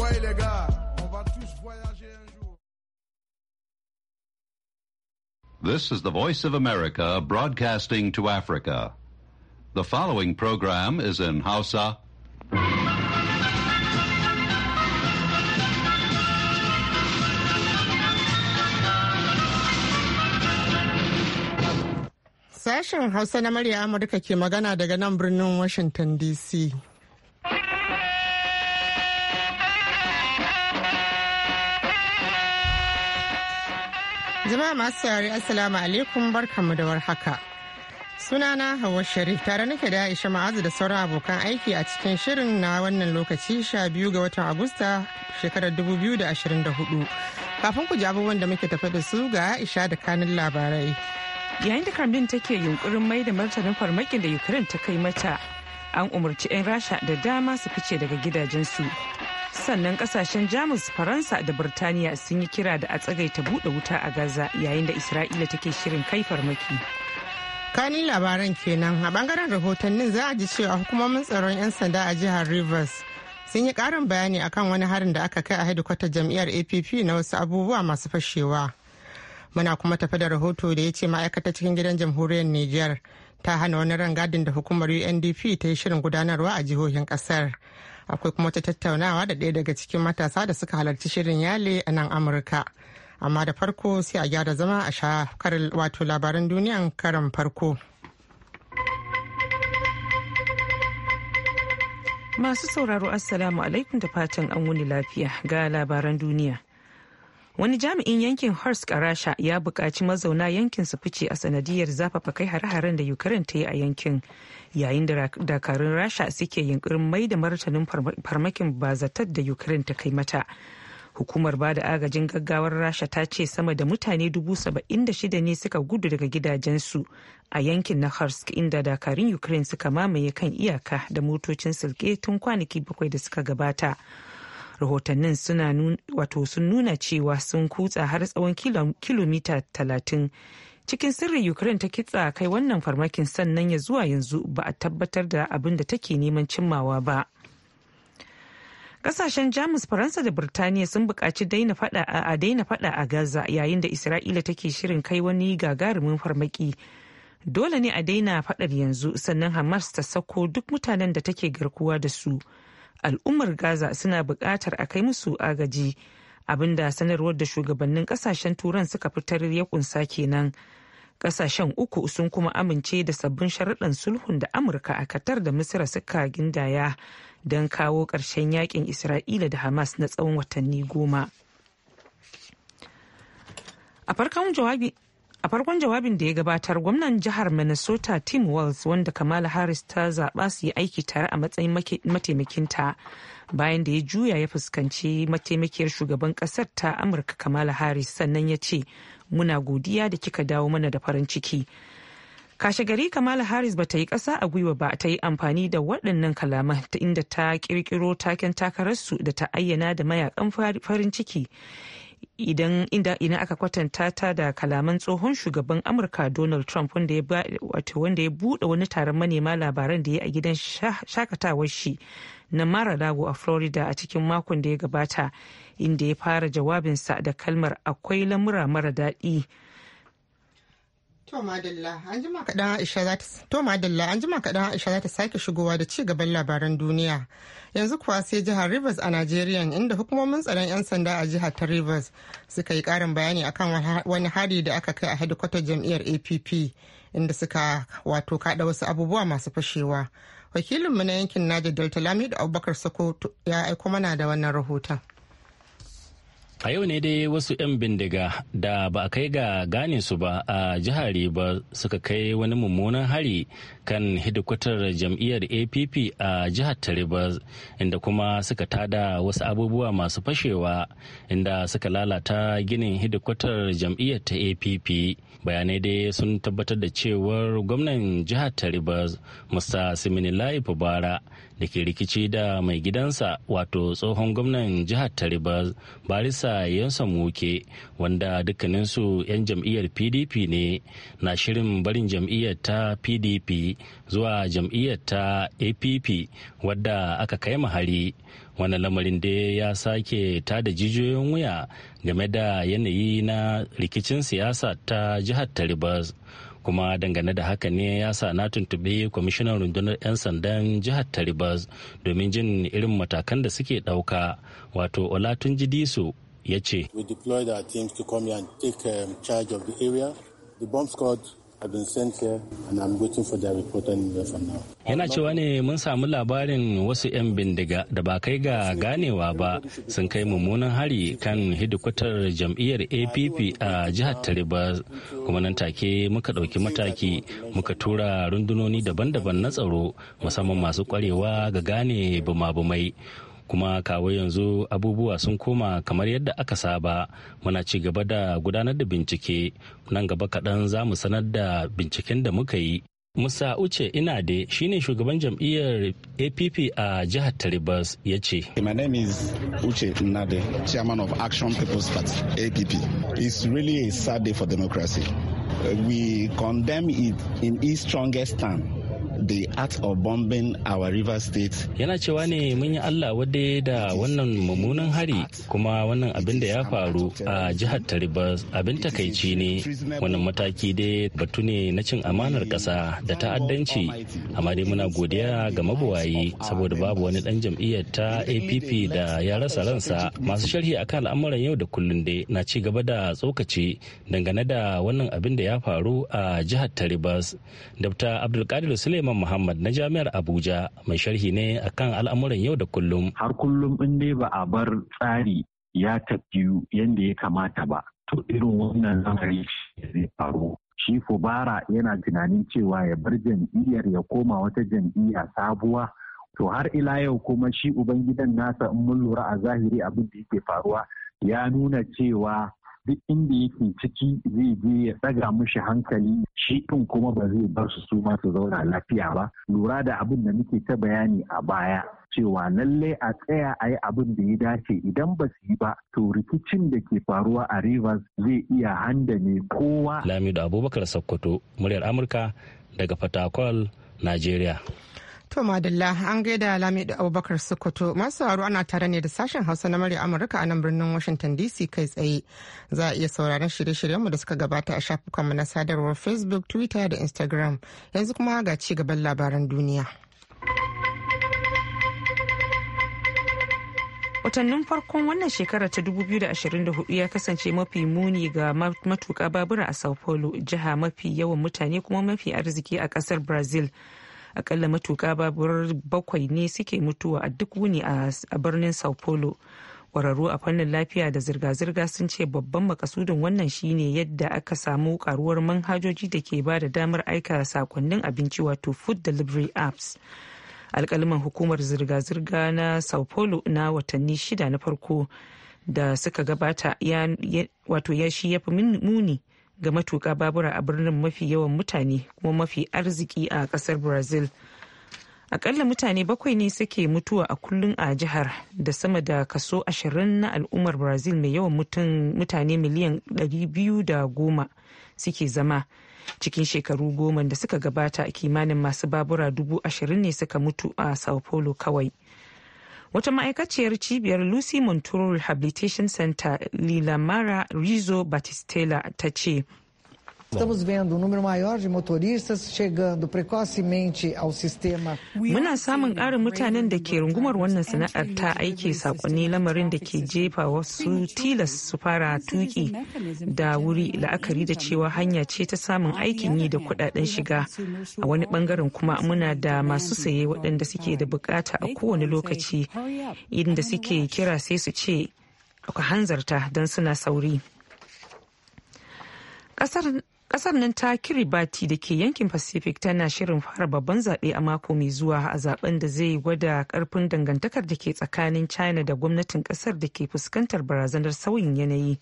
ouais les gars, on va tous voyager un jour. This is the Voice of America broadcasting to Africa. The following program is in Hausa. Sashen Hausa na murya Amurka ke magana daga nan birnin Washington DC. Jama'a masu saurari Assalamu alaikum barkanmu da warhaka. Sunana Hauwa Sharif tare nake da Aisha Ma'azu da sauran abokan aiki a cikin shirin na wannan lokaci sha biyu ga watan Agusta shekarar 2024. Kafin ku ji abubuwan da muke tafi da su ga Aisha da kanin labarai. Yayin da Kremlin take yunkurin mai da martanin farmakin da Ukraine ta kai mata, an umarci 'yan Rasha da dama su fice daga gidajensu sannan kasashen jamus faransa da birtaniya sun yi kira da a tsagaita buɗe wuta a gaza yayin da isra'ila take shirin kai farmaki kanin labaran kenan a bangaren rahotannin za a ji cewa hukumomin tsaron 'yan sanda a jihar rivers sun yi karin bayani akan wani harin da aka kai a hedikwatar jam'iyyar app na wasu abubuwa masu fashewa muna kuma tafi da rahoto da ya ce ma'aikata cikin gidan jamhuriyar niger ta hana wani rangadin da hukumar undp ta yi shirin gudanarwa a jihohin kasar akwai kuma ta tattaunawa da ɗaya daga cikin matasa da suka halarci shirin yale a nan amurka amma da farko sai a gyara zama a sha wato labaran duniyan karan farko masu sauraro assalamu alaikum da fatan an wuni lafiya ga labaran duniya wani jami'in yankin horsk a rasha ya bukaci mazauna yankin su fice a sanadiyar zafafa kai hare-haren da ukraine ta yi a yankin yayin da dakarun rasha suke yunkurin mai da martanin farmakin bazatar da ukraine ta kai mata hukumar bada agajin gaggawar rasha ta ce sama da mutane dubu da shida ne suka gudu daga gidajensu a yankin na harsk inda dakarun ukraine suka mamaye kan iyaka da motocin silke tun kwanaki bakwai da suka gabata rahotannin wato sun nuna cewa sun kutsa har tsawon kilomita talatin cikin sirri ukraine ta kitsa kai wannan farmakin sannan ya zuwa yanzu ba a tabbatar da abin da take neman cimmawa ba kasashen jamus faransa da birtaniya sun bukaci a daina fada a gaza yayin da isra'ila take shirin kai wani gagarumin farmaki dole ne a daina fadar yanzu sannan hamas ta sako duk mutanen da take garkuwa da su al'ummar gaza suna buƙatar a kai musu agaji abinda sanarwar da shugabannin kasashen turan suka fitar ya kunsa kenan kasashen uku sun kuma amince da sabbin sharaɗin sulhun da amurka a katar da misira suka gindaya don kawo ƙarshen yakin isra'ila da hamas na tsawon watanni goma a farkon a farkon jawabin da ya gabatar gwamnan jihar minnesota tim walz wanda kamala harris ta zaɓa su yi aiki tare a matsayin mataimakinta bayan da ya juya ya fuskanci mataimakiyar shugaban ƙasar ta amurka kamala harris sannan ya ce muna godiya da kika dawo mana da farin ciki kashe gari kamala harris ba ta yi ƙasa a gwiwa ba ta yi amfani da waɗannan kalaman ta inda ta ƙirƙiro taken takararsu da ta ayyana da mayakan farin ciki idan idan aka kwatanta ta da kalaman tsohon shugaban amurka donald trump wanda ya buɗe wani taron manema labaran da ya a gidan shakatawar shi na mara lago a florida a cikin makon da ya gabata inda ya fara jawabinsa da kalmar akwai lamura mara daɗi To madalla an jima kaɗan Aisha za ta sake shigowa da ci gaban labaran duniya. Yanzu kuwa sai jihar Rivers a Najeriya inda hukumomin tsaron 'yan sanda a jihar ta Rivers suka yi ƙarin bayani akan wani hari da aka kai a hedikwatar jam'iyyar APP inda suka wato kaɗa wasu abubuwa masu fashewa. Wakilinmu na yankin Naja Delta Lamidu Abubakar Sokoto ya aiko mana da wannan rahoton. a yau ne dai wasu 'yan bindiga da ba a kai ga gane su ba a jihar riba suka kai wani mummunan hari kan hidikwatar jam'iyyar app a jihar taribas inda kuma suka tada wasu abubuwa masu fashewa inda suka lalata ginin hidikwatar jam'iyyar ta app bayanai dai sun tabbatar da cewar gwamnan jihar tariba musa siminilayi fubara da ke rikici da mai gidansa wato tsohon gwamnan jihar tariba barisa yansa muke wanda dukkaninsu 'yan jam'iyyar pdp ne na shirin barin jam'iyyar ta pdp zuwa jam'iyyar ta app wadda aka kai mahari wannan lamarin da ya sake tada jijiyoyin wuya game da yanayi na rikicin siyasa ta jihar taribas kuma dangane da haka ne ya sa na tuntuɓi kwamishinan rundunar 'yan sandan jihar taribas domin jin irin matakan da suke ɗauka wato olatunji diso ya ce we to come um, the the Yana cewa ne mun samu labarin wasu 'yan bindiga da ba kai ga ganewa ba sun kai mummunan hari kan hidikwatar jam'iyyar APP a jihar tariba kuma nan take muka ɗauki mataki muka tura rundunoni daban-daban na tsaro musamman masu kwarewa ga gane bumabumai kuma kawo yanzu abubuwa sun koma kamar yadda aka saba muna ci gaba da gudanar da bincike nan gaba kaɗan za mu sanar da binciken da muka yi Musa Uche Inade shine shugaban jam'iyyar APP a jihar Taribas ya ce. My name is Uche Inade, chairman of Action People's Party APP. It's really a sad day for democracy. We condemn it in its strongest term. the art of bombing our river state. Yana cewa ne mun yi Allah wadda da wannan mummunan hari kuma wannan abin da ya faru a jihar Taribas abin takaici ne wannan mataki dai batu ne na cin amanar ƙasa da ta'addanci amma dai muna godiya ga mabuwayi saboda babu wani ɗan jam'iyyar ta APP da ya rasa ransa masu sharhi akan al'amuran yau da kullun dai na ci gaba da tsokaci dangane da wannan abin da ya faru a jihar Taribas. Dr. Abdulkadir Suleiman Usman Muhammad na Jami'ar Abuja mai sharhi ne akan al'amuran yau da kullum. Har kullum in dai ba a bar tsari ya tafi yadda ya kamata ba. To irin wannan lamari zai faru. Shi Fubara yana tunanin cewa ya bar jam'iyyar ya koma wata jam'iyya sabuwa. To har ila yau kuma shi Ubangidan nasa in mun lura a zahiri abin da yake faruwa ya nuna cewa duk inda yake ciki zai je ya tsaga mushi hankali shi ɗin kuma ba zai bar su su masu su zauna lafiya ba lura da abin da muke ta bayani a baya cewa lallai a tsaya a yi abin da ya dace idan ba su yi ba to rikicin da ke faruwa a rivers zai iya handa ne kowa lamido abubakar sokoto muryar amurka daga fatakwal nigeria To Madalla an gaida da Abubakar Sokoto masu sauraro ana tare ne da sashen Hausa na murya Amurka a nan birnin Washington DC kai tsaye. Za a iya sauraron shirye-shiryenmu da suka gabata a shafukanmu na sadarwar Facebook, Twitter da Instagram. Yanzu kuma ga ci gaban labaran duniya. watannin farkon wannan shekarar ta 2024 ya kasance mafi muni ga matuka babura a sao paulo jiha mafi yawan mutane kuma mafi arziki a kasar brazil akalla matuka babur bakwai ne suke mutuwa a duk wuni a birnin sao paulo kwararru a fannin lafiya da zirga-zirga sun ce babban makasudin wannan shine yadda aka samu karuwar manhajoji da ke ba da damar aika sakonnin abinci wato food delivery apps alkaliman hukumar zirga-zirga na sao paulo na watanni shida na farko da suka gabata wato ya shi ya fi muni ga matuƙa babura a birnin mafi yawan mutane kuma mafi arziki a ƙasar brazil akalla mutane bakwai ne suke mutuwa a kullum a jihar da sama da kaso ashirin na al'ummar brazil mai yawan mutane miliyan goma suke zama cikin shekaru goma da suka gabata kimanin masu babura dubu ashirin ne suka mutu a sao paulo kawai wata ma'aikaciyar cibiyar lucy monturo rehabilitation center Lila Mara rizo batistela ta ce Estamos vendo um número maior de motoristas chegando precocemente ao sistema. Muna samun ƙarin mutanen da ke rungumar wannan sana'ar ta aiki sakonni lamarin da ke jefa wasu tilas su fara tuki da wuri la'akari da cewa hanya ce ta samun aikin yi da kudaden shiga. A wani bangaren kuma muna da masu saye waɗanda suke da bukata a kowane lokaci inda suke kira sai su ce ka hanzarta don suna sauri. ƙasar kasar nan ta kiribati da ke yankin pacific tana shirin fara babban zaɓe a mako mai zuwa a zaben da zai gwada karfin dangantakar da ke tsakanin china da gwamnatin kasar da ke fuskantar barazanar sauyin yanayi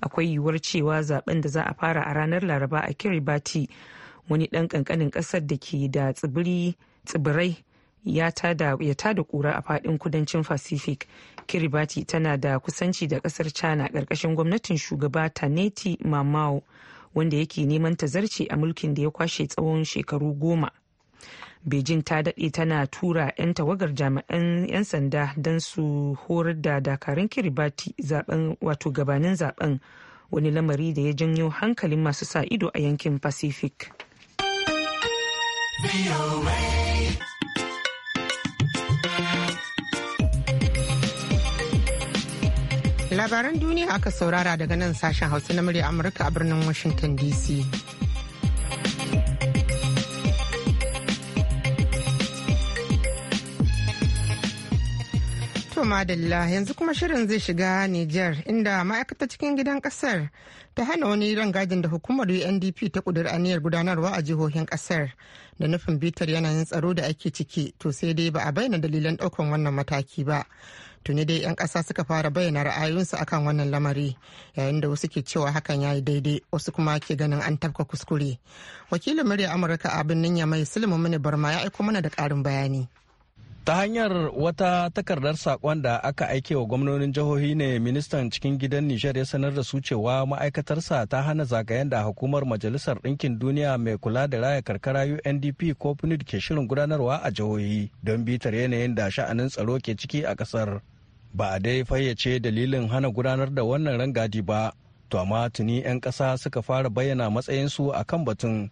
akwai yiwuwar cewa zaben da za a fara a ranar laraba a kiribati wani ɗan ƙanƙanin ƙasar da ke da tsibirai ya da kura a fadin kudancin pacific kiribati tana da kusanci da kasar china ƙarƙashin gwamnatin shugaba taneti mamao wanda yake neman ta zarce a mulkin da ya kwashe tsawon shekaru goma beijing ta daɗe tana tura 'yan tawagar jami'an 'yan sanda don su horar da dakarun kiribati wato gabanin zaben wani lamari da ya janyo hankalin masu sa ido a yankin pacific labaran duniya aka saurara daga nan sashen hausa na murya amurka a birnin washington dc To madalla yanzu kuma shirin zai shiga Nijar inda ma'aikata cikin gidan kasar ta hana wani gajin da hukumar UNDP ta kudur aniyar gudanarwa a jihohin kasar da nufin bitar yanayin tsaro da ake ciki to sai dai ba a bayyana dalilan daukan wannan mataki ba. tuni dai 'yan ƙasa suka fara bayyana ra'ayoyinsu akan wannan lamari yayin da wasu ke cewa hakan ya yi daidai wasu kuma ke ganin an tafka kuskure wakilin murya amurka a birnin yamai sulmu mini barma ya aiko mana da ƙarin bayani ta hanyar wata takardar sakon da aka aike wa gwamnonin jihohi ne ministan cikin gidan nijar ya sanar da su cewa ma'aikatarsa ta hana zagayen da hukumar majalisar ɗinkin duniya mai kula da raya karkara undp ko ke shirin gudanarwa a jihohi don bitar yanayin da sha'anin tsaro ke ciki a ƙasar ba a dai fayyace dalilin hana gudanar da wannan rangadi ba to amma tuni 'yan ƙasa suka fara bayyana matsayinsu a kan batun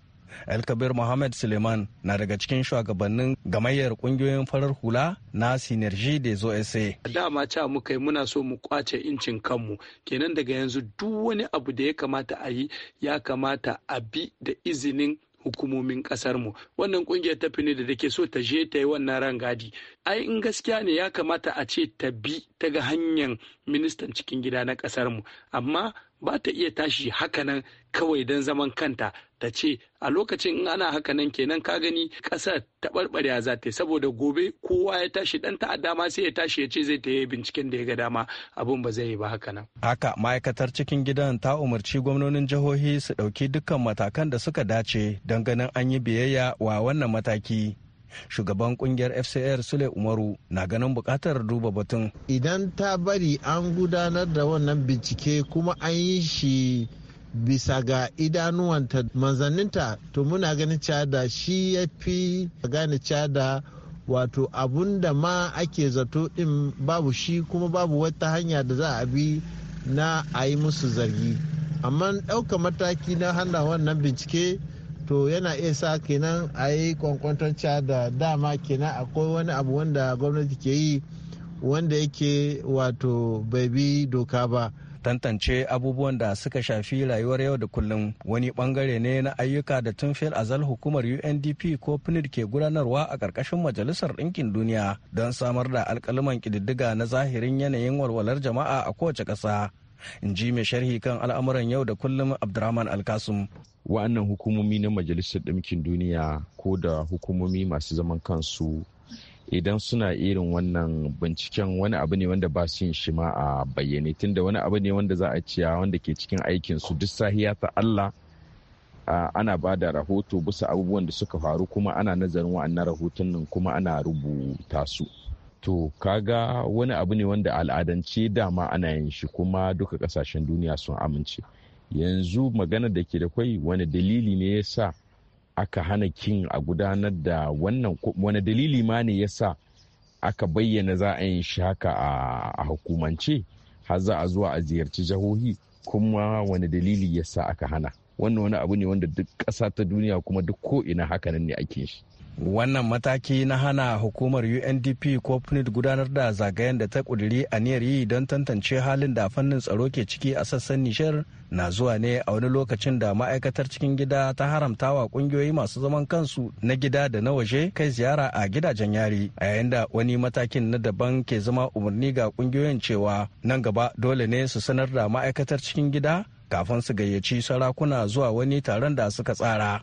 elkabir mohammed suleiman na daga cikin shugabannin gamayyar kungiyoyin farar hula na sinergi da zo a dama ca muka yi muna so mu kwace incin kanmu kenan daga yanzu duk wani abu da ya kamata a yi ya kamata a bi da izinin hukumomin kasar mu wannan kungiyar tafi ne da take so ta je ta yi wannan rangadi ai in gaskiya ne ya kamata a ce ta bi ta ga hanyar ministan cikin gida na kasar mu amma ba ta iya tashi hakanan kawai don zaman kanta ta ce a lokacin in ana hakanan kenan ka gani ƙasar ta za ta saboda gobe kowa ya tashi ɗan ta dama sai ya tashi ya ce zai ta yi binciken da ya ga dama abin ba zai yi ba hakanan. haka ma'aikatar cikin gidan ta umarci gwamnonin jihohi su ɗauki dukkan matakan da suka dace don ganin an yi biyayya wa wannan mataki shugaban kungiyar fcr sule umaru na ganin bukatar duba batun idan ta bari an gudanar da wannan bincike kuma an yi shi bisa ga idanuwanta manzanninta to muna ganin cada shi ya fi gane cada wato abun da ma ake zato din babu shi kuma babu wata hanya da za a bi na a yi musu zargi amma ɗauka mataki na hana wannan bincike to yana iya sa kenan a yi kwankwantarca da dama kenan akwai wani abu wanda gwamnati ke yi wanda yake wato bai bi doka ba tantance abubuwan da suka shafi rayuwar yau da kullum wani bangare ne na ayyuka da tun fil azal hukumar undp ko pnid ke gudanarwa a ƙarƙashin majalisar ɗinkin duniya don samar da alkaliman ƙididdiga na zahirin yanayin walwalar jama'a a kowace ƙasa in ji mai sharhi kan al'amuran yau da kullum abdurrahman alkasum wa'annan hukumomi na majalisar ɗinkin duniya ko da hukumomi masu zaman kansu idan suna irin wannan binciken wani abu ne wanda ba su yin shi ma a bayyane tunda wani abu ne wanda za a ciya wanda ke cikin aikin su duk sahiya ta Allah ana ba da rahoto bisa abubuwan da suka faru kuma ana nazarin wa'annan rahoton nan kuma ana rubuta su to kaga wani abu ne wanda al'adance dama ana yin shi kuma duka kasashen duniya sun amince yanzu magana da ke da kwai wani dalili ne ya sa aka hana kin a gudanar da wannan wani dalili ma ne ya sa aka bayyana za a yin shi haka a hukumance har za a zuwa a ziyarci jihohi kuma wani dalili ya sa aka hana wannan wani abu ne wanda duk ƙasa ta duniya kuma duk ko ina hakanan ne ake shi wannan mataki na hana hukumar undp ko gudanar da zagayen da ta kuduri niyar yi don tantance halin da fannin tsaro ke ciki a sassan nishar na zuwa ne a wani lokacin da ma'aikatar cikin gida ta haramta wa kungiyoyi masu zaman kansu na gida da na waje kai ziyara a gidajen yari a yayin da wani matakin na daban ke zama umarni ga kungiyoyin cewa nan gaba dole ne su sanar da ma'aikatar cikin gida kafin su gayyaci sarakuna zuwa wani taron da suka tsara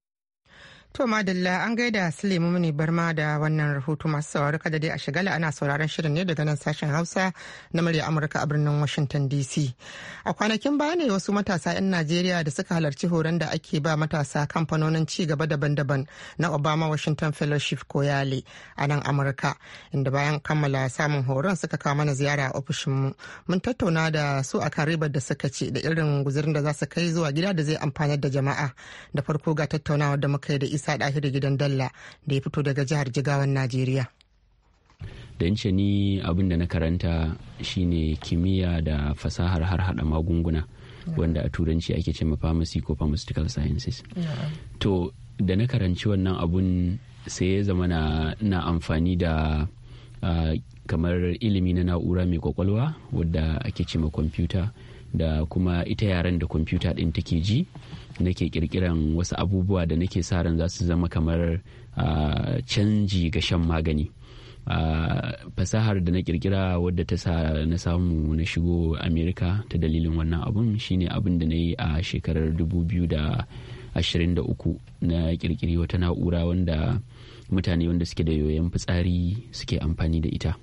To madalla an gaida Suleiman mini Barma da wannan rahoto masu sauraro kada dai a shigala ana sauraron shirin ne daga nan sashen Hausa na murya Amurka a birnin Washington DC. A kwanakin baya ne wasu matasa 'yan Najeriya da suka halarci horon da ake ba matasa kamfanonin ci gaba daban-daban na Obama Washington Fellowship yale a nan Amurka inda bayan kammala samun horon suka kawo mana ziyara a ofishinmu. Mun tattauna da su a ribar da suka ce da irin guzurin da za su kai zuwa gida da zai amfanar da jama'a. Da farko ga tattaunawar da muka yi da isa da gidan dalla da ya fito daga jihar jigawan najeriya da ni abin da na karanta shine kimiyya da fasahar har hada magunguna wanda a turanci ake ce pharmacy ko pharmaceutical sciences to da na karanci wannan abun sai ya zama na amfani da kamar ilimi na na'ura mai kwakwalwa wadda ake ce ma kwamfuta da kuma ita yaren da kwamfuta ɗin take ji nake kirkiran wasu abubuwa da nake sa ran za su zama kamar canji ga shan magani fasahar da na kirkira wadda ta sa na samu na shigo amerika ta dalilin wannan abun shine abin da na yi a shekarar 2023 na kirkiri wata na'ura wanda mutane wanda suke da yoyon fitsari suke amfani da ita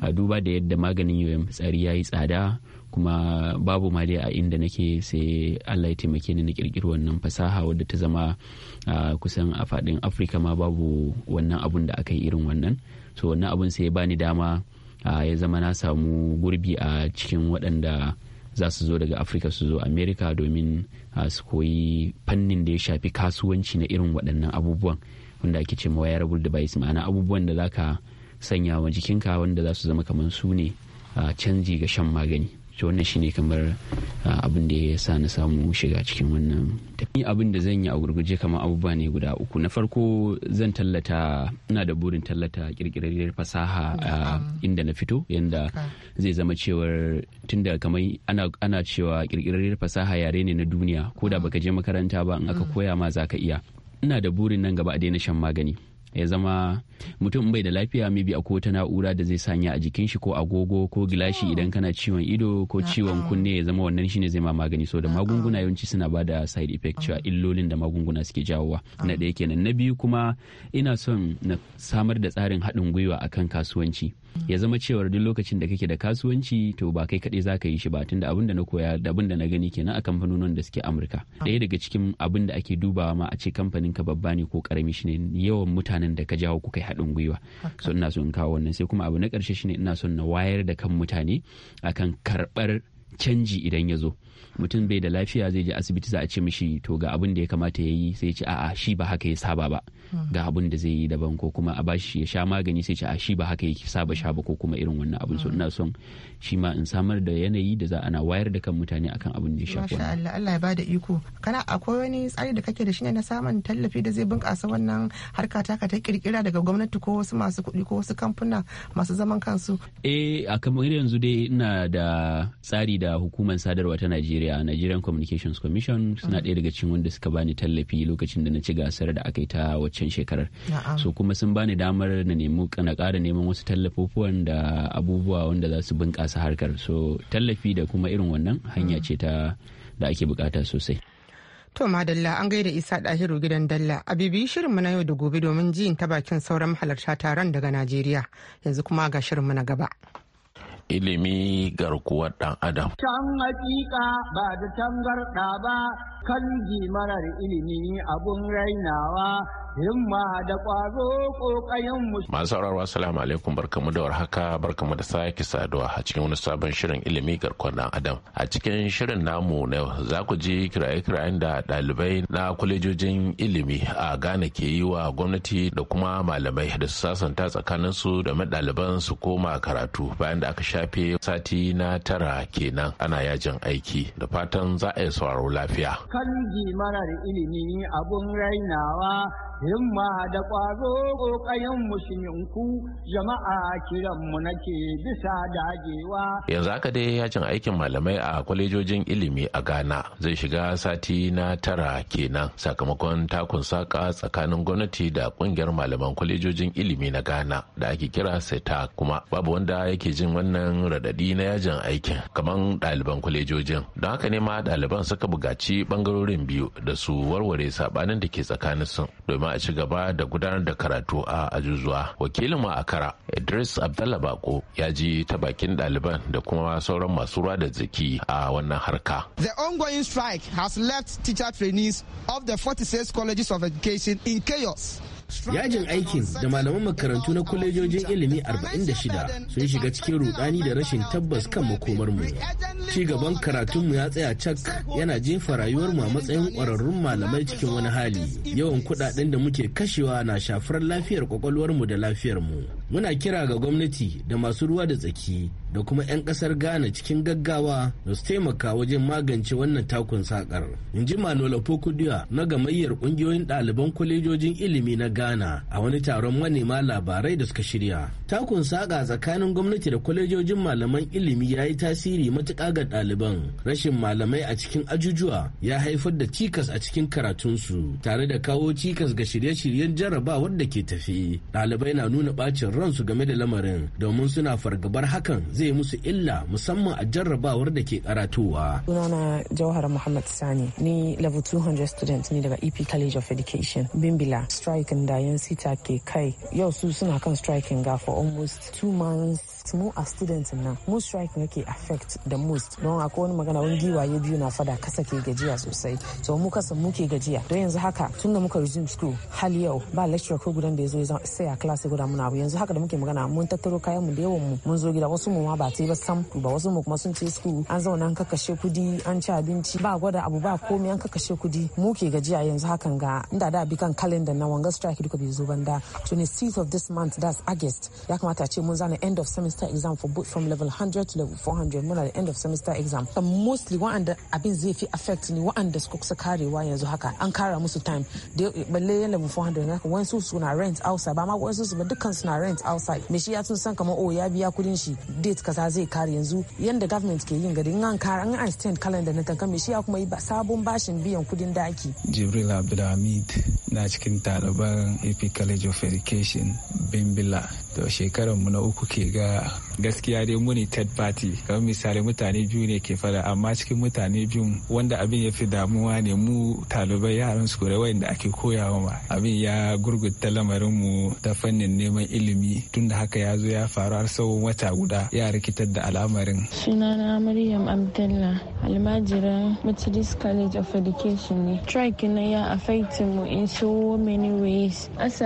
a duba da yadda maganin yoyon fitsari ya yi tsada kuma babu ma a inda nake sai allah ya taimake ni na kirkiri wannan fasaha wadda ta zama kusan a faɗin afirka ma babu wannan abun da aka yi irin wannan so wannan abun sai ya bani dama ya zama na samu gurbi a cikin waɗanda za su zo daga afirka su zo amerika domin su koyi fannin da ya shafi kasuwanci na irin waɗannan abubuwan wanda ake ce wearable device ma'ana abubuwan da za ka sanya wa jikinka wanda za su zama kamar su ne canji ga shan magani to wannan shine kamar abin da ya sa na samu shiga cikin wannan tafi abin da zan yi a gurguje kamar abubuwa ne guda uku na farko zan tallata ina da burin tallata kirkirar fasaha inda na fito yanda zai zama cewar tunda kamar ana cewa kirkirar fasaha yare ne na duniya ko da ah. baka je makaranta ba in aka mm. koya ma zaka iya ina da burin nan gaba a daina shan magani ya zama mutum bai da lafiya mai maybe ko ta na'ura da zai sanya a jikin shi ko agogo ko gilashi idan kana ciwon ido ko ciwon kunne ya zama wannan shine zai ma magani so da magunguna yawanci suna ba da side effect cewa illolin da magunguna suke jawowa na ɗaya kenan na biyu kuma ina son na samar da tsarin haɗin gwiwa akan kasuwanci ya zama cewa duk lokacin da kake da kasuwanci to ba kai kaɗai zaka yi shi ba tunda abin da na koya da abin da na gani kenan a kamfanonin da suke amurka ɗaya daga cikin abin da ake dubawa ma a ce kamfanin ka babba ne ko karami shine yawan mutanen da ka jawo kuka haɗin gwiwa so ina so in kawo wannan sai kuma abu na ƙarshe shine ina son na wayar da kan mutane akan karɓar canji idan ya zo mutum bai da lafiya zai je asibiti za a ce mishi to ga abin da ya kamata ya yi sai ce a'a shi ba haka ya saba ba ga abin da zai yi daban ko kuma a bashi ya sha magani sai ce a shi ba haka yake saba sha ba ko kuma irin wannan abin so ina son shi ma in samar da yanayi da za ana wayar da kan mutane akan abin da ya sha Allah Allah ya bada iko kana akwai wani tsari da kake da shi ne na samun tallafi da zai bunkasa wannan harka taka ta kirkira daga gwamnati ko wasu masu kuɗi ko wasu kamfuna masu zaman kansu eh a kamar yanzu dai ina da tsari da hukumar sadarwa ta Najeriya Nigerian Communications Commission suna mm. ɗaya daga cikin wanda suka bani tallafi lokacin da na ci gasar da aka yi ta wacce karshen shekarar so kuma sun bani damar na nemi na ƙara neman wasu tallafofuwan da abubuwa wanda za su bunƙasa harkar so tallafi da kuma irin wannan hanya mm. ce ta da ake bukata sosai To Madalla an gaida Isa Dahiru gidan Dalla a bibiyi shirinmu na yau da gobe domin jin ta bakin sauran halarta taron daga Najeriya yanzu kuma ga shirin mu na gaba. Ilimi garkuwar ɗan Adam. Can hakika ba da tangarɗa ba kan marar ilimi abun rainawa himma da ƙwazo ƙoƙayen mu. Masu sauraro assalamu alaikum barkamu da warhaka barkamu da sake saduwa a cikin wani sabon shirin ilimi garkon dan adam. A cikin shirin namu na yau za ku ji kiraye-kirayen da ɗalibai na kwalejojin ilimi a Ghana ke yi wa gwamnati da kuma malamai da su sasanta tsakaninsu su da ɗaliban su koma karatu bayan da aka shafe sati na tara kenan ana yajin aiki da fatan za a yi sauraro lafiya. Kan mana da ilimi abun rainawa himma da ƙwazo ƙoƙayen musulminku jama'a kiranmu nake bisa dagewa. Yanzu haka dai yajin aikin malamai a kwalejojin ilimi a Ghana zai shiga sati na tara kenan sakamakon takun saka tsakanin gwamnati da ƙungiyar malaman kwalejojin ilimi na Ghana da ake kira SETA kuma babu wanda yake jin wannan radadi na yajin aikin kamar ɗaliban kwalejojin. Don haka ne ma ɗaliban suka bugaci ɓangarorin biyu da su warware saɓanin da ke tsakaninsu domin a ci gaba da gudanar da karatu a ajuzuwa wakilin ma a kara idris abdallah bako ya ji ta bakin daliban da kuma sauran masu ruwa da jiki a wannan harka the ongoing strike has left teacher trainees of the 46 colleges of education in chaos Yajin aikin da malaman makarantu na kwalejojin ilimi 46 sun shiga cikin rudani da rashin tabbas kan makomarmu. Ci gaban karatunmu ya tsaya cak yana jefa rayuwarmu a matsayin ƙwararrun malamai cikin wani hali. Yawan kuɗaɗen da muke kashewa na shafar lafiyar mu da lafiyar mu. muna kira ga gwamnati da masu ruwa da tsaki da kuma 'yan kasar ghana cikin gaggawa da su taimaka wajen magance wannan takun sakar in ji manola pokudiya na gamayyar kungiyoyin ɗaliban kwalejojin ilimi na ghana a wani taron manema labarai da suka shirya takun saƙa tsakanin gwamnati da kwalejojin malaman ilimi ya yi tasiri matuƙa ga ɗaliban rashin malamai a cikin ajujuwa ya haifar da cikas a cikin karatunsu tare da kawo cikas ga shirye-shiryen jarrabawar da ke tafi ɗalibai na nuna ɓacin ransu game da lamarin domin suna fargabar hakan zai musu illa musamman a jarrabawar da ke karatuwa sunana jauhar muhammad sani ni level 200 student ne daga ep college of education bimbila striking da yan sita ke kai yau su suna kan striking gafo for almost two months affect mu a student na mu strike ne ke affect the most don akwai wani magana wani giwaye biyu na fada kasa ke gajiya sosai to mu kasa mu ke gajiya don yanzu haka tun da muka resume school hal yau ba lecturer ko gudan da ya zo ya sai a class guda muna abu yanzu haka da muke magana mun tattaro kayan mu da yawan mu mun zo gida wasu mu ma ba ta ba sam ba wasu mu kuma sun ce school an zauna an kakashe kudi an ci abinci ba gwada abu ba komai an kakashe kudi mu ke gajiya yanzu hakan ga inda da bi kan calendar na wanga strike duka bai zo banda 26th of this month that's august ya kamata a ce mun zana end of semester semester exam for both from level 100 to level 400 muna da end of semester exam mostly wa'anda abin zai fi affect ni wa'anda suka kusa karewa yanzu haka an kara musu time balle yan level 400 haka wasu su na rent outside ba ma wasu su ba dukkan su na rent outside me shi ya tun san kamar oh ya biya kudin shi date kaza zai kare yanzu yanda government ke yin gari an kara an an calendar na tankan me shi ya kuma yi sabon bashin biyan kudin daki jibril abdulhamid na cikin ɗaliban ap college of education bimbila to shekaran mu na uku ke ga gaskiya dai muni third party kamar misali mutane biyu ne ke fada amma cikin mutane biyun wanda abin ya fi damuwa ne mu talibai yaran su da wayanda ake koyawa ma abin ya gurgurta lamarin mu ta fannin neman ilimi tun da haka ya zo ya faru har tsawon wata guda ya rikitar da al'amarin sunana maryam abdullah almajiran mutilis college of education ne strike na ya affect mu in so many ways as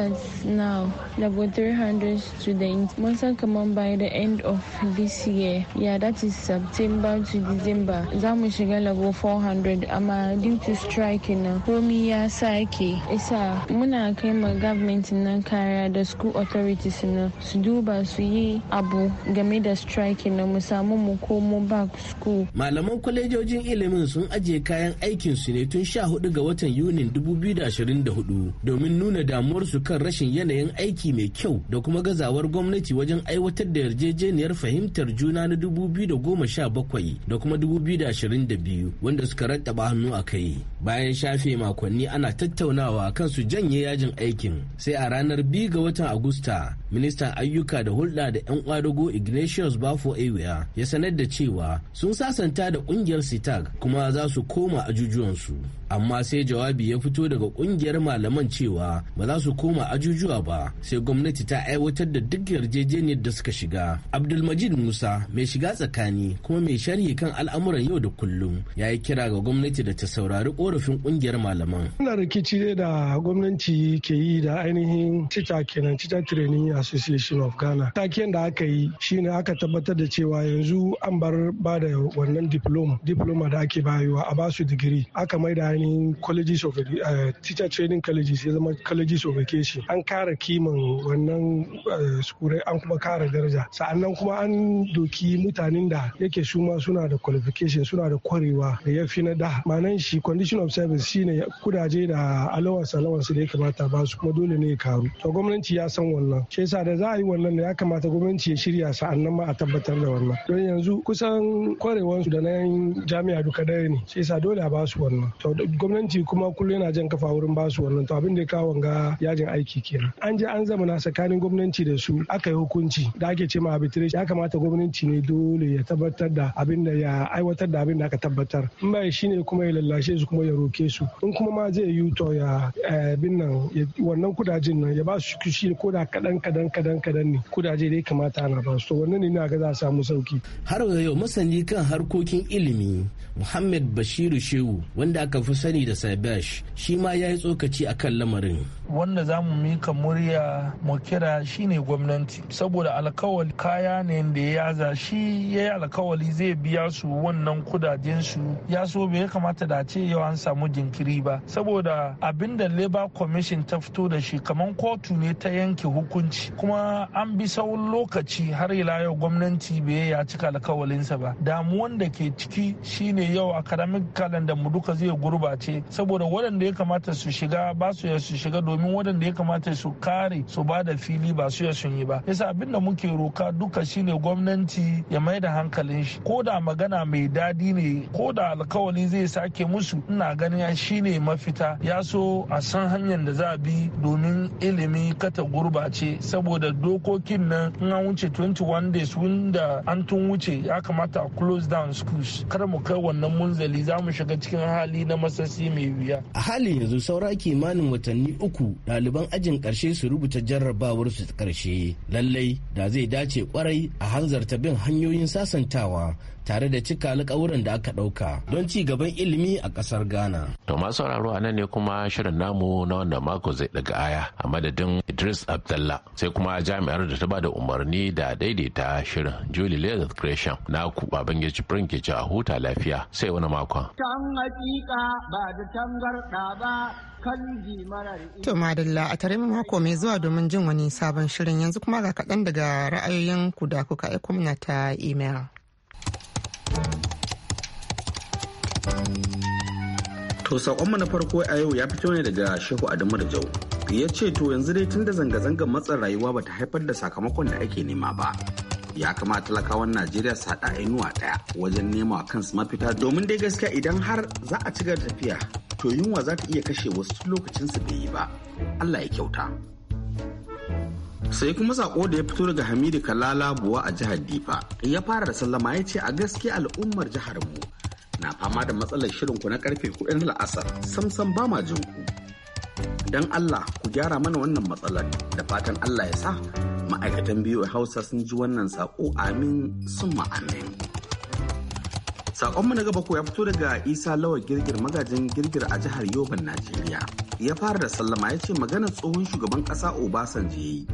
now about 300 students mun san kamar by the end of this year yeah that is september to december za mu shiga labo 400 amma due to strike na komi ya sake isa muna kai ma government na kariya da school authorities na su duba su yi abu game da strike na mu samu mu komo back school malaman kwalejojin ilimin sun ajiye kayan aikin su ne tun 14 ga watan Yuni 2024 domin nuna damuwarsu kan rashin yanayin aiki mai kyau da kuma gaza kulawar gwamnati wajen aiwatar da yarjejeniyar fahimtar juna na 2017 da kuma 2022 wanda suka rattaba hannu a kai bayan shafe makonni ana tattaunawa kan su janye yajin aikin sai a ranar 2 ga watan agusta ministan ayyuka da hulɗa da 'yan kwadago ignatius bafo ewiya ya sanar da cewa sun sasanta da ƙungiyar sitag kuma za su koma ajujuwansu amma sai jawabi ya fito daga kungiyar malaman cewa ba za su koma ajujuwa ba sai gwamnati ta aiwatar da duk yarjejeniyar da suka shiga abdulmajid musa mai shiga tsakani kuma mai sharhi kan al'amuran yau da kullum ya yi kira ga gwamnati da ta saurari korafin kungiyar malaman wannan rikici ne da gwamnati ke yi da ainihin cita kenan cita training association of ghana taken da aka yi shine aka tabbatar da cewa yanzu an bar ba da wannan diploma diploma da ake bayarwa a basu digiri aka mai maida tsakanin colleges of eh, teacher training colleges ya zama colleges of education an kara kiman wannan eh, sukurai an kuma kara daraja sa'annan kuma an doki mutanen da yake su ma suna da qualification suna da kwarewa da ya fi na da manan shi condition of service shine kudaje da allowance allowance da ya kamata ba su kuma dole ne ya karu to gwamnati ya san wannan shi yasa da za a yi wannan ya kamata gwamnati ya shirya sa'annan ma a tabbatar da wannan don yanzu kusan kwarewansu da na jami'a duka daya ne shi yasa dole a ba su wannan to gwamnati kuma kullum yana jan kafa wurin basu wannan to abin da ya kawo wanga yajin aiki kenan an je an zamana tsakanin gwamnati da su aka yi hukunci da ake ce ma arbitration ya kamata gwamnati ne dole ya tabbatar da abin da ya aiwatar da abin da aka tabbatar in ba shi ne kuma ya lallashe su kuma ya roke su in kuma ma zai yi to ya eh, bin nan wannan kudajin nan ya ba su kushi ko da kadan kadan kadan kadan ne kudaje da ya kamata ana ba su to wannan ne na ga za a samu sauki har yau masani kan harkokin ilimi Muhammad Bashiru Shehu wanda aka fi sani da sabash shi ma ya yi tsokaci a kan lamarin wanda za mu mika murya mu kira shine gwamnati saboda alkawali kaya ne da ya yaza shi ya yi alkawali zai biya su wannan kudaden su ya so bai kamata da ce yau an samu jinkiri ba saboda abin da labor commission ta fito da shi kamar kotu ne ta yanke hukunci kuma an bi tsawon lokaci har ila yau gwamnati bai ya cika alkawalinsa ba damuwan da ke ciki shine yau academic calendar mu duka zai gurba ce saboda waɗanda ya kamata su shiga ba su su shiga domin waɗanda ya kamata su kare su ba da fili ba su sun yi ba yasa abin da muke roka duka shine gwamnati ya mai da hankalin shi ko da magana mai dadi ne ko da alkawali zai sake musu ina ganin ya shine mafita ya so a san hanyar da za a bi domin ilimi kata gurbace saboda dokokin nan in an wuce 21 days wanda an tun wuce ya kamata a close down schools kar mu kai wannan munzali za mu shiga cikin hali na masa. sassi mai wuya. A halin yanzu saura kimanin watanni uku ɗaliban ajin ƙarshe su rubuta jarrabawar su ƙarshe. Lallai da zai dace kwarai a hanzarta bin hanyoyin sasantawa tare da cika alkawuran da aka ɗauka don ci gaban ilimi a kasar Ghana. To masu sauraro a ne kuma shirin namu na wannan mako zai daga aya a madadin Idris abdullah sai kuma jami'ar da ta ba da umarni da daidaita shirin Julie Leather Creation na ku Babangeji Prince ke a huta lafiya sai wani makon. Tan hakika ba da tangarɗa ba marar. To madalla a tare mako mai zuwa domin jin wani sabon shirin yanzu kuma ga kaɗan daga ra'ayoyin ku da kuka aiko mana ta email. To saƙonmu na farko a yau ya fito ne daga Shehu Adamu da Jau. Ya ce to yanzu dai tun da zanga-zangar matsar rayuwa bata haifar da sakamakon da ake nema ba. ya kamata talakawan najeriya su haɗa inuwa ɗaya wajen nema kansu mafita domin dai gaskiya idan har za a ci gaba tafiya to yunwa za ta iya kashe wasu lokacin su bai yi ba allah ya kyauta sai kuma sako da ya fito daga hamidu kalala buwa a jihar difa ya fara da sallama ya ce a gaskiya al'ummar jihar mu na fama da matsalar shirinku na karfe kuɗin la'asar samsam ba ma jin ku. Don Allah ku gyara mana wannan matsalar da fatan Allah ya sa ma'aikatan biyu Hausa sun ji wannan saƙo amin sun ma'amin. Saƙonmu na gaba ko ya fito daga Isa Lawar Girgir magajin Girgir a jihar Yoban, Najeriya. Ya fara da sallama ya ce maganar tsohon shugaban ƙasa Obasanjo ya yi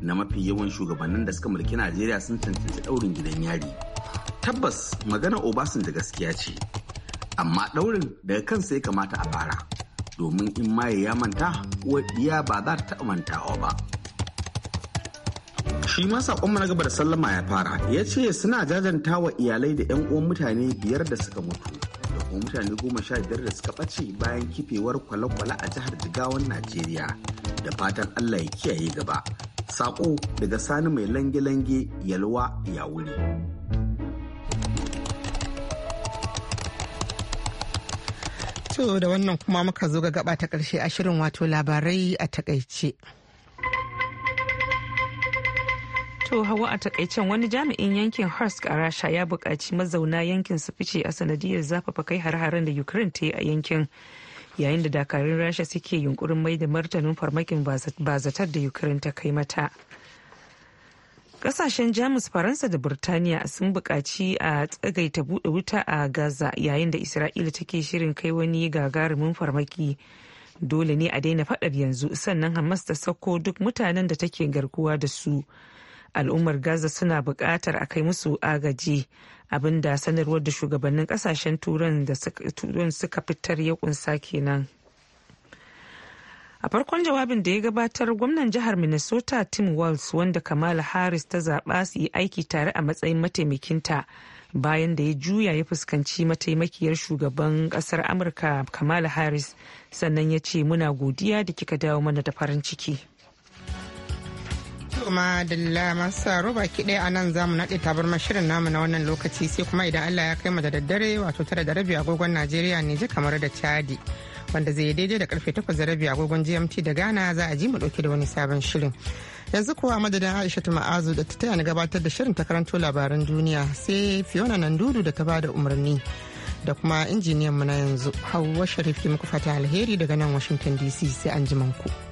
na mafi yawan shugabannin da suka mulki Najeriya sun cancanci ɗaurin gidan yari. tabbas magana da gaskiya ce amma ɗaurin daga kansa ya kamata a fara domin in maye ya manta uwar ɗiya ba za ta taɓa mantawa ba shi ma saƙon na gaba da sallama ya fara ya ce suna jajanta wa iyalai da 'yan uwan mutane biyar da suka mutu da kuma mutane goma sha biyar da suka ɓace bayan kifewar kwale-kwale a jihar jigawan najeriya da fatan allah ya kiyaye gaba saƙo daga sani mai lange-lange yalwa ya wuri To da wannan kuma muka zo ga gaba ta karshe a shirin wato labarai a takaice. To hawa a takaicen wani jami'in yankin Harsk a Rasha ya buƙaci mazauna yankin su fice a sanadiyar zafafa kai har-haren da Ukraine ta yi a yankin. Yayin da dakarun Rasha suke yunkurin mai da martanin farmakin bazatar da Ukraine ta kai mata. Kasashen Jamus, Faransa da Burtaniya sun buƙaci a tsagaita buɗe wuta a Gaza yayin da Isra'ila take shirin kai wani gagarumin farmaki. Dole ne a daina faɗar yanzu sannan Hamas ta sako duk mutanen da take garkuwa da su. Al'ummar Gaza suna buƙatar a kai musu agaji abinda sanarwar da shugabannin kasashen turan suka fitar ya kunsa kenan. a farkon jawabin da ya gabatar gwamnan jihar minnesota tim walz wanda kamala harris ta zaɓa su yi aiki tare a matsayin mataimakinta bayan da ya juya ya fuskanci mataimakiyar shugaban kasar amurka kamala harris sannan ya ce muna godiya da kika dawo mana da farin ciki kuma dalla masu roba ki ɗaya a nan za mu naɗe tabarma shirin namu na wannan lokaci sai kuma idan allah ya kai mu da daddare wato tara da rabi agogon najeriya ne ji kamar da chadi wanda zai daidai da karfe 8 da rabi agogon GMT da Ghana za a ji mu dauke da wani sabon shirin. Yanzu kuwa madadin Aisha ta Ma'azu da ta taya na gabatar da shirin ta karanto labaran duniya sai Fiona dudu da ta ba da umarni da kuma injiniyan mu na yanzu Hauwa Sharif muku fata alheri daga nan Washington DC sai an ji ku.